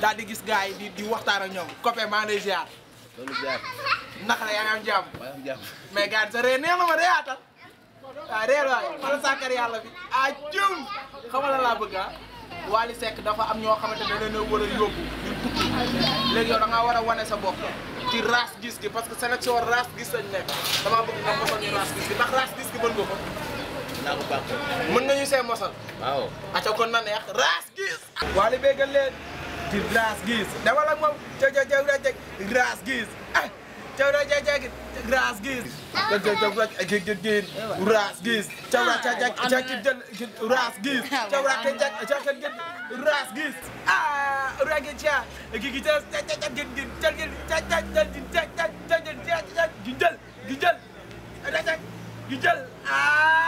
daal di gis gars yi di di waxtaan ak ñoom Copé maa ngi lay ziar. la yaa ngi am mais gars sa réer nee na ma de yaatal. waaw ah, réer waay man yàlla bi a ah, jëm xamal la laa bëgg ah. Wally Seck dafa am ñoo xamante ne dañoo war a yóbbu ñu tukki léegi yow da ngaa war a wane sa bopp ci race gis gi parce que sélection race gis lañ nekk damaa bëgg nga mosal ñu race gis gi ndax race gis gi mën nga mën nga see mosal. waaw. acca kon na neex race gis. Wally bégal leen. ci raas gis dawal ak moom caw caw caw raaj raas gis ah caw raaj caw raas gis. caw caw caw raaj raas gis. caw raaj caw caw raas gis. caw raaj caw caw raas gis. ah raaj caw gi gi caw caw caw gin gin caw gin caw caw caw gin caw caw caw gin caw gin jël gi jël raaj gi jël ah.